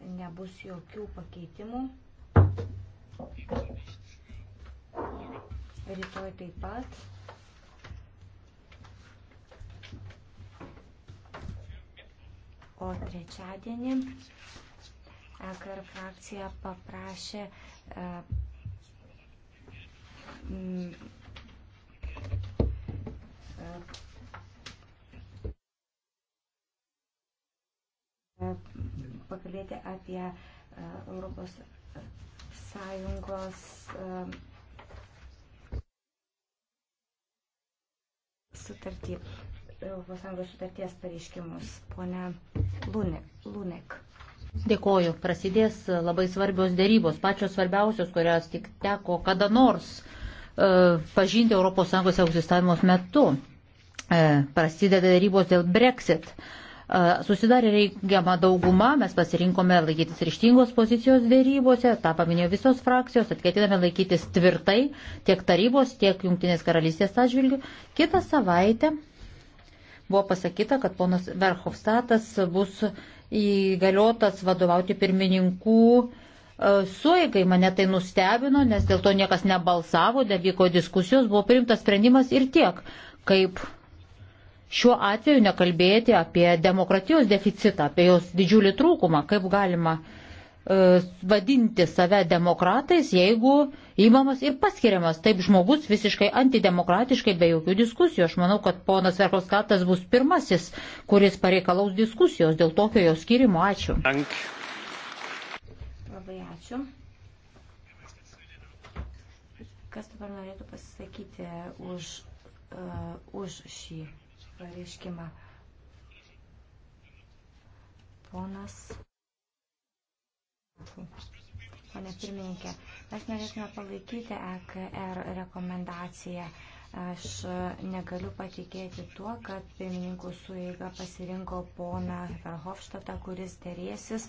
nebus jokių pakeitimų. Rytoj taip pat. O trečiadienį EKR frakcija paprašė e, m, e, pakalbėti apie e, Europos Sąjungos e, sutartį, Europos Sąjungos sutarties pareiškimus, ponia Lunek. Dėkoju, prasidės labai svarbios dėrybos, pačios svarbiausios, kurias tik teko kada nors e, pažinti ES egzistavimos metu. E, prasideda dėrybos dėl Brexit. E, Susidarė reikiamą daugumą, mes pasirinkome laikytis ryštingos pozicijos dėrybose, tą paminėjo visos frakcijos, atketiname laikytis tvirtai tiek tarybos, tiek Junktinės karalystės atžvilgių. Kitą savaitę buvo pasakyta, kad ponas Verhofstatas bus įgaliotas vadovauti pirmininkų suėgai mane tai nustebino, nes dėl to niekas nebalsavo, dar vyko diskusijos, buvo priimtas sprendimas ir tiek, kaip šiuo atveju nekalbėti apie demokratijos deficitą, apie jos didžiulį trūkumą, kaip galima e, vadinti save demokratais, jeigu įmamas ir paskiriamas taip žmogus visiškai antidemokratiškai be jokių diskusijų. Aš manau, kad ponas Verkoskatas bus pirmasis, kuris pareikalaus diskusijos dėl tokio jo skirimo. Ačiū. Dank. Labai ačiū. Kas dabar norėtų pasisakyti už, uh, už šį pareiškimą. Ponas. Pane pirmininkė, mes norėtume palaikyti EKR rekomendaciją Aš e, negaliu patikėti tuo, kad pirmininkų sueiga pasirinko poną Verhofštatą, kuris dėrėsis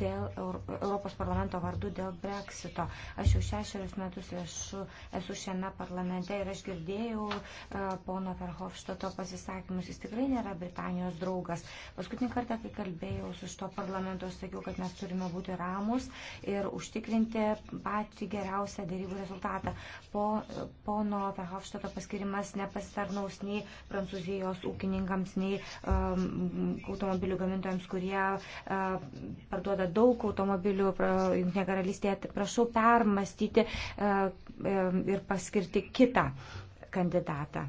dėl Europos parlamento vardu dėl Brexito. Aš jau šešerius metus esu, esu šiame parlamente ir aš girdėjau uh, pono Verhofštato pasisakymus. Jis tikrai nėra Britanijos draugas. Paskutinį kartą, kai kalbėjau su šito parlamento, sakiau, kad mes turime būti ramus ir užtikrinti patį geriausią dėrybų rezultatą. Po, e, pono Verhofštato pasisakymus paskirimas nepasitarnaus nei prancūzijos ūkininkams, nei um, automobilių gamintojams, kurie uh, parduoda daug automobilių Junktinė karalystėje. Prašau permastyti uh, um, ir paskirti kitą kandidatą.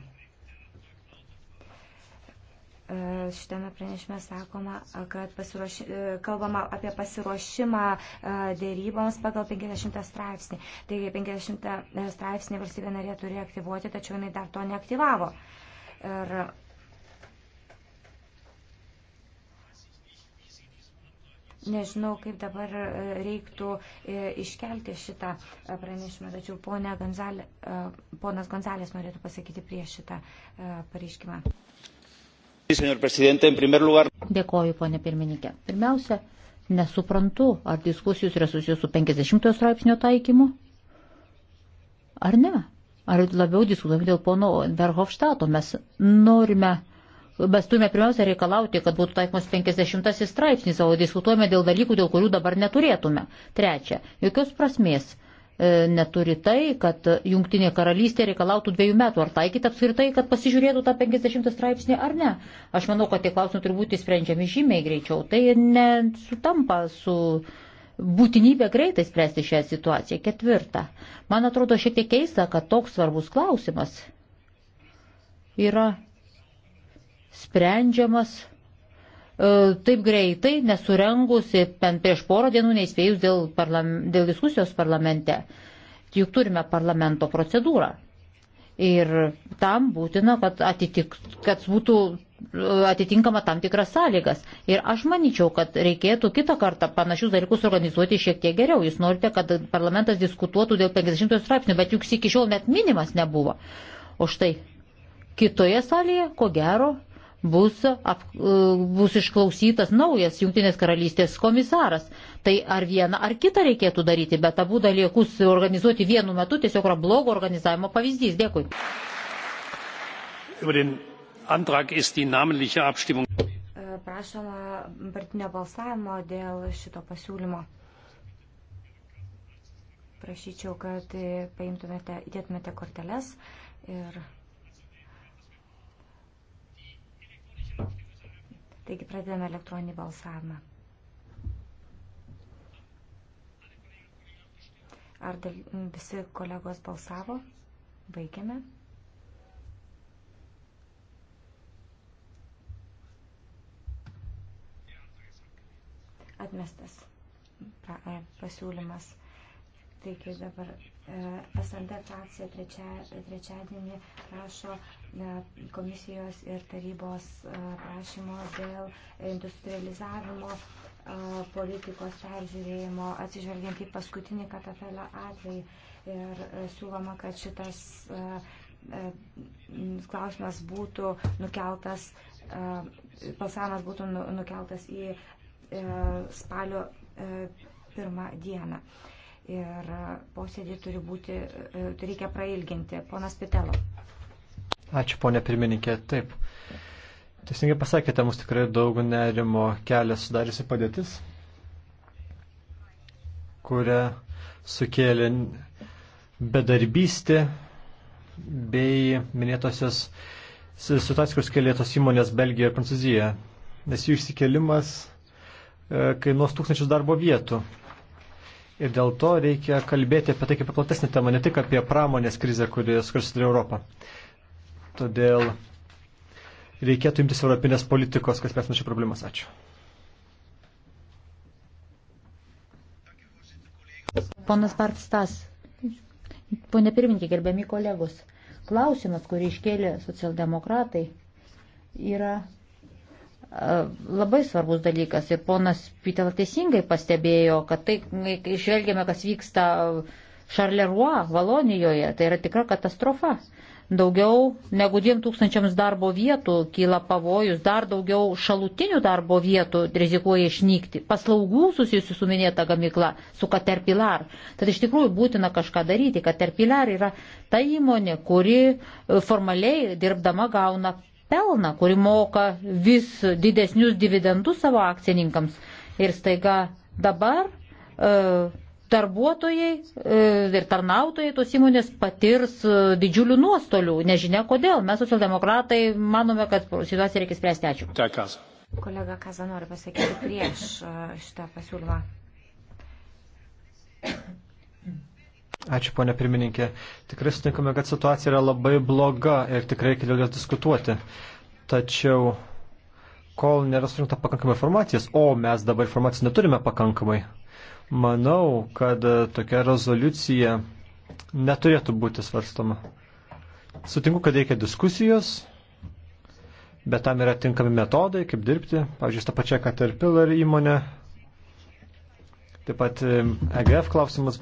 E, šitame pranešime sakoma, e, kad pasiruoši, e, kalbama apie pasiruošimą dėryboms pagal 50 straipsnį. Taigi 50 straipsnį valstybė narė turi aktyvuoti, tačiau jinai dar to neaktyvavo. Ir nežinau, kaip dabar reiktų iškelti šitą pranešimą, tačiau Gonzalė, ponas Gonzalės norėtų pasakyti prieš šitą pareiškimą. Dėkoju, ponė pirmininkė. Pirmiausia, nesuprantu, ar diskusijos yra susijusios su 50 straipsnio taikymu, ar ne. Ar labiau diskutuojame dėl pono Verhofštato. Mes norime mes turime pirmiausia reikalauti, kad būtų taikomas 50 straipsnis, o diskutuojame dėl dalykų, dėl kurių dabar neturėtume. Trečia, jokios prasmės E, neturi tai, kad Junktinė karalystė reikalautų dviejų metų, ar taikyti apskritai, kad pasižiūrėtų tą 50 straipsnį ar ne. Aš manau, kad tie klausimai turi būti sprendžiami žymiai greičiau. Tai nesutampa su būtinybė greitai spręsti šią situaciją. Ketvirta. Man atrodo šiek tiek keista, kad toks svarbus klausimas yra sprendžiamas E, taip greitai, nesurengusi, bent prieš porą dienų neįspėjus dėl, parlam, dėl diskusijos parlamente. Juk turime parlamento procedūrą. Ir tam būtina, kad, atitik, kad būtų e, atitinkama tam tikras sąlygas. Ir aš manyčiau, kad reikėtų kitą kartą panašius dalykus organizuoti šiek tiek geriau. Jūs norite, kad parlamentas diskutuotų dėl 50 straipsnių, bet juk iki šiol net minimas nebuvo. O štai kitoje salėje, ko gero, bus, ap, e, bus išklausytas naujas Junktinės karalystės komisaras. Tai ar vieną ar kitą reikėtų daryti, bet abu dalykus organizuoti vienu metu tiesiog yra blogo organizavimo pavyzdys. Dėkui. E, prašoma partinio balsavimo dėl šito pasiūlymo. Prašyčiau, kad paimtumėte, įdėtumėte korteles ir Taigi pradedame elektroninį balsavimą. Ar dėl, visi kolegos balsavo? Baigiame. Atmestas e, pasiūlymas. Taigi dabar e, SND frakcija trečia, trečiadienį prašo e, komisijos ir tarybos e, prašymo dėl industrializavimo politikos peržiūrėjimo atsižvelgiant į paskutinį katafelio atvejį. Ir siūloma, kad šitas klausimas būtų nukeltas, balsavimas būtų nu, nukeltas į spalio pirmą dieną ir e, posėdį turi būti, e, e, reikia prailginti. Ponas Pitelo. Ačiū, ponė pirmininkė. Taip. Teisingai pasakėte, mums tikrai daug nerimo kelia sudarysi padėtis, kurią sukėlė bedarbystė bei minėtosios situacijos, kur skėlėtos įmonės Belgijoje ir Prancūzijoje, nes jų išsikelimas kainuos tūkstančius darbo vietų. Ir dėl to reikia kalbėti apie tai kaip apie platesnį temą, ne tik apie pramonės krizę, kuris susidurė Europą. Todėl reikėtų imtis europinės politikos, kas mes nuo šių problemas. Ačiū. Ponas Partstas, ponė pirmininkė, gerbiami kolegos, klausimas, kurį iškėlė socialdemokratai, yra labai svarbus dalykas ir ponas Pitela teisingai pastebėjo, kad tai, kai žvelgiame, kas vyksta Šarlerua, Valonijoje, tai yra tikra katastrofa. Daugiau negu 2000 darbo vietų kyla pavojus, dar daugiau šalutinių darbo vietų rizikuoja išnykti, paslaugų susijusių su minėta gamykla, su Caterpillar. Tad iš tikrųjų būtina kažką daryti. Caterpillar yra ta įmonė, kuri formaliai dirbdama gauna pelną, kuri moka vis didesnius dividendus savo akcininkams. Ir staiga dabar e, darbuotojai e, ir tarnautojai tos įmonės patirs e, didžiulių nuostolių. Nežinia kodėl. Mes socialdemokratai manome, kad situaciją reikia spręsti. Ačiū. Dėkas. Kolega Kaza nori pasakyti prieš e, šitą pasiūlymą. Ačiū, ponė pirmininkė. Tikrai sutinkame, kad situacija yra labai bloga ir tikrai reikia dėl jos diskutuoti. Tačiau, kol nėra surinkta pakankamai informacijos, o mes dabar informacijos neturime pakankamai, manau, kad e, tokia rezoliucija neturėtų būti svarstoma. Sutinku, kad reikia diskusijos, bet tam yra tinkami metodai, kaip dirbti. Pavyzdžiui, ta pačia Caterpillar įmonė, taip pat EGF e klausimas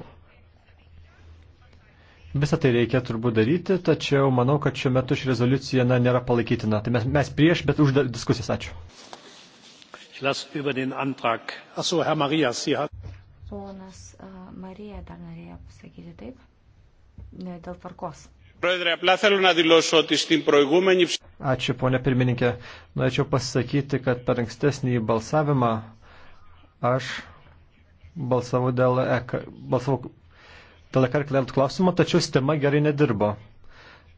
Visą tai reikia turbūt daryti, tačiau manau, kad šiuo metu ši rezoliucija na, nėra palaikytina. Tai mes, mes prieš, bet už diskusijas. Ačiū. Aso, Marijas, Ponas uh, Marija dar norėjo pasakyti taip. Ne, dėl tvarkos. Ačiū, ponė pirmininkė. Norėčiau pasakyti, kad per ankstesnį balsavimą aš balsavau dėl, e balsavau dėl ekar klertų klausimo, tačiau sistema gerai nedirbo.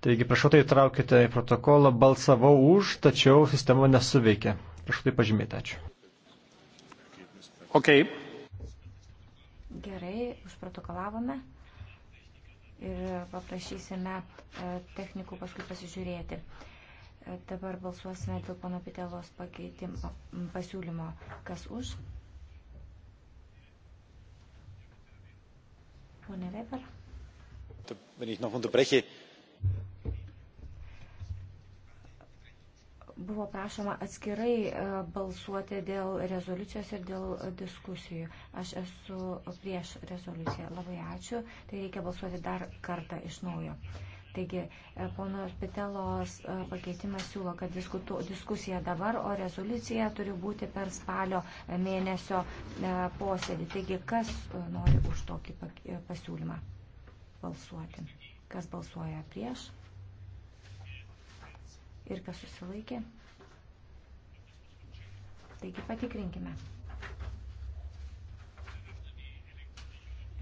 Taigi, prašau tai įtraukite į protokolą, balsavau už, tačiau sistema nesuveikė. Prašau tai pažymėti, ačiū. Ok. Gerai, užprotokolavome ir paprašysime e, technikų paskui pasižiūrėti. E, dabar balsuosime dėl pono Pitelos pakeitimo pasiūlymo. Kas už? Pone Weber. Wenn ich noch unterbreche. Buvo prašoma atskirai e, balsuoti dėl rezoliucijos ir dėl diskusijų. Aš esu prieš rezoliuciją. Labai ačiū. Tai reikia balsuoti dar kartą iš naujo. Taigi, e, pono Pitelos e, pakeitimas siūlo, kad diskutu, diskusija dabar, o rezoliucija turi būti per spalio e, mėnesio posėdį. Taigi, kas nori už tokį pasiūlymą balsuoti? Kas balsuoja prieš? Ir kas susilaikė? Taigi, patikrinkime.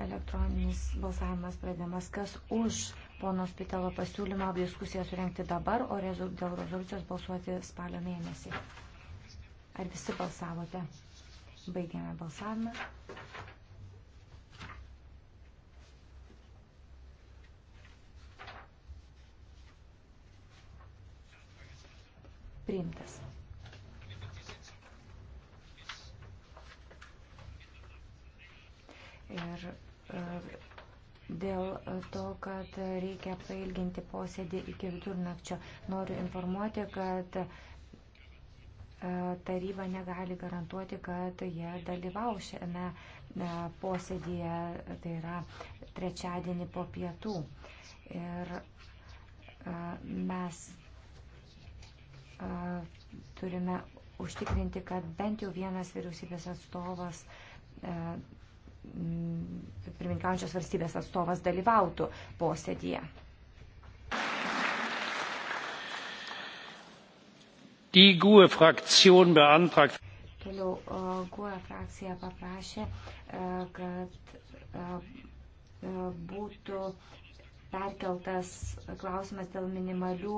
elektroninis balsavimas pradedamas, kas už pono Spitalo pasiūlymą diskusiją surenkti dabar, o rezu, dėl rezoliucijos balsuoti spalio mėnesį. Ar visi balsavote? Baigėme balsavimą. Priimtas. Ir, ir e, dėl e, to, kad reikia pailginti posėdį iki vidurnakčio. Noriu informuoti, kad e, taryba negali garantuoti, kad jie dalyvau šiame e, posėdėje, tai yra trečiadienį po pietų. Ir mes turime užtikrinti, kad bent jau vienas vyriausybės atstovas Mm, pirmininkaujančios valstybės atstovas dalyvautų posėdėje. Die GUE Fraktion beantragt. Toliau GUE e frakcija paprašė, e, kad e, būtų perkeltas klausimas dėl minimalių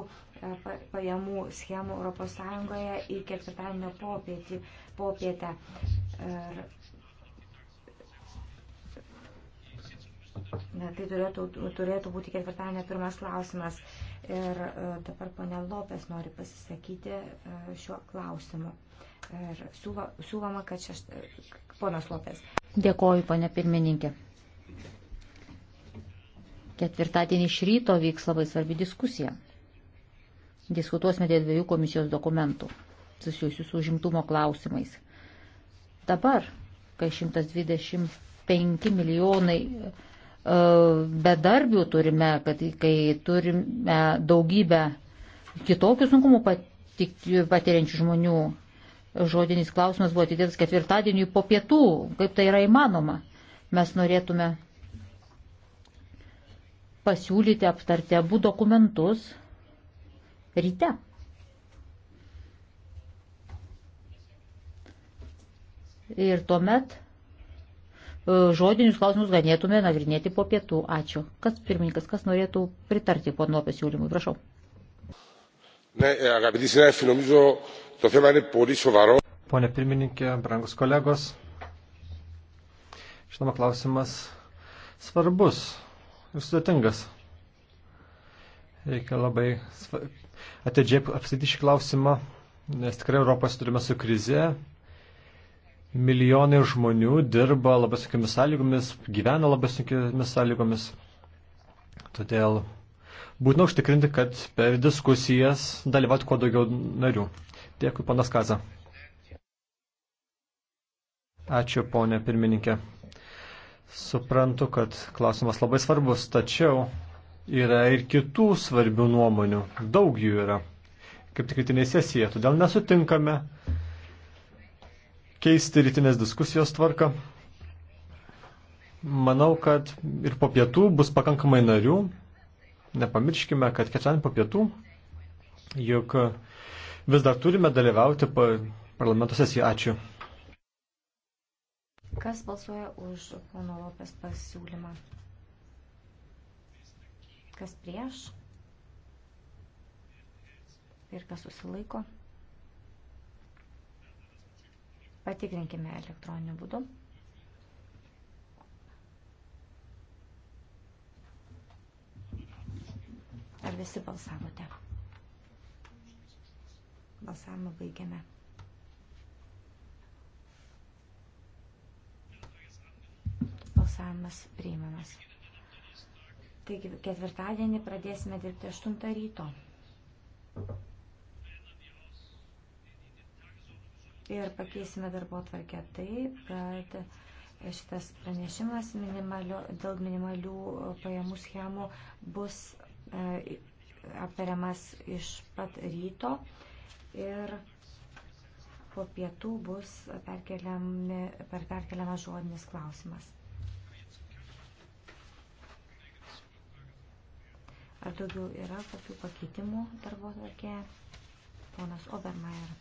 pajamų schemų ES į ketvirtadienio popietį, popietę. Ir Na, tai turėtų, turėtų būti ketvirtadienio pirmas klausimas. Ir e, dabar ponė Lopės nori pasisakyti e, šiuo klausimu. Ir siūla, siūloma, kad šeš... E, ponas Lopės. Dėkoju, ponė pirmininkė. Ketvirtadienį iš ryto vyks labai svarbi diskusija. Diskutuosime dėl dviejų komisijos dokumentų susijusių su užimtumo klausimais. Dabar, kai 125 milijonai bedarbių turime, kad kai turime daugybę kitokių sunkumų patiriančių žmonių. Žodinis klausimas buvo atidėtas ketvirtadienį po pietų, kaip tai yra įmanoma. Mes norėtume pasiūlyti aptarti abu dokumentus ryte. Ir tuomet žodinius klausimus ganėtume nagrinėti po pietų. Ačiū. Kas pirmininkas, kas norėtų pritarti pono pasiūlymui? Prašau. Pone pirmininkė, brangus kolegos, žinoma, klausimas svarbus ir sudėtingas. Reikia labai atidžiai apsidyti šį klausimą, nes tikrai Europos turime su krize Milijonai žmonių dirba labai sunkiamis sąlygomis, gyvena labai sunkiamis sąlygomis. Todėl būtina užtikrinti, kad per diskusijas dalyvautų kuo daugiau narių. Dėkui, panas Kaza. Ačiū, ponė pirmininkė. Suprantu, kad klausimas labai svarbus, tačiau yra ir kitų svarbių nuomonių. Daug jų yra. Kaip tikritinė sesija, todėl nesutinkame keisti rytinės diskusijos tvarką. Manau, kad ir po pietų bus pakankamai narių. Nepamirškime, kad ketvirtadienį po pietų, juk vis dar turime dalyvauti parlamento sesiją. Ačiū. Kas balsuoja už pono Lopės pasiūlymą? Kas prieš? Ir kas susilaiko? Patikrinkime elektroniniu būdu. Ar visi balsavote? Balsavimą baigiame. Balsavimas priimamas. Taigi ketvirtadienį pradėsime dirbti 8 ryto. ir pakeisime darbo tvarkę taip, kad šitas pranešimas minimalio, dėl minimalių pajamų schemų bus e, aptariamas iš pat ryto ir po pietų bus per perkeliamas žodinis klausimas. Ar daugiau yra kokių pakeitimų darbo tvarkėje? Ponas Obermeier.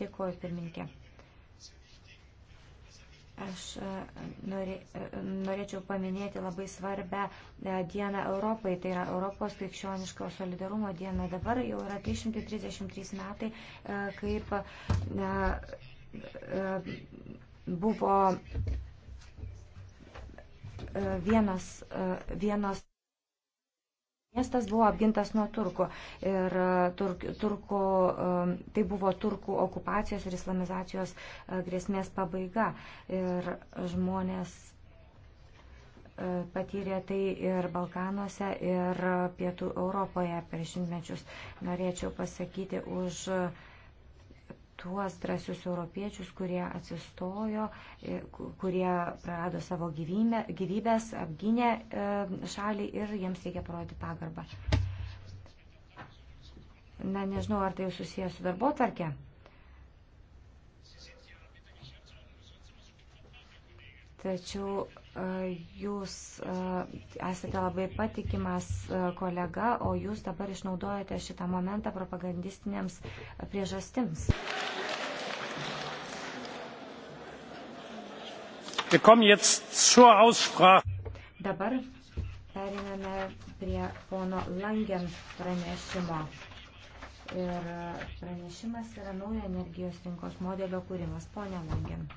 Dėkuoju, pirmininkė. Aš e, norė, e, norėčiau paminėti labai svarbę e, dieną Europai, tai yra Europos krikščioniško solidarumo diena. Dabar jau yra 333 metai, kaip buvo vienas, vienas Miestas buvo apgintas nuo turkų ir e, turk, turkų, e, tai buvo turkų okupacijos ir islamizacijos e, grėsmės pabaiga. Ir žmonės patyrė tai ir Balkanuose, ir Pietų Europoje per šimtmečius. Norėčiau pasakyti už tuos drąsius europiečius, kurie atsistojo, e, kurie prarado savo gyvybę, gyvybės, apgynė e, šalį ir jiems reikia parodyti pagarbą. Na, nežinau, ar tai susijęs su darbo tarke. Tačiau jūs esate labai patikimas kolega, o jūs dabar išnaudojate šitą momentą propagandistinėms priežastims. Dabar periname prie pono Langen pranešimo. Ir pranešimas yra naujo energijos rinkos modelio kūrimas. Pone Langen.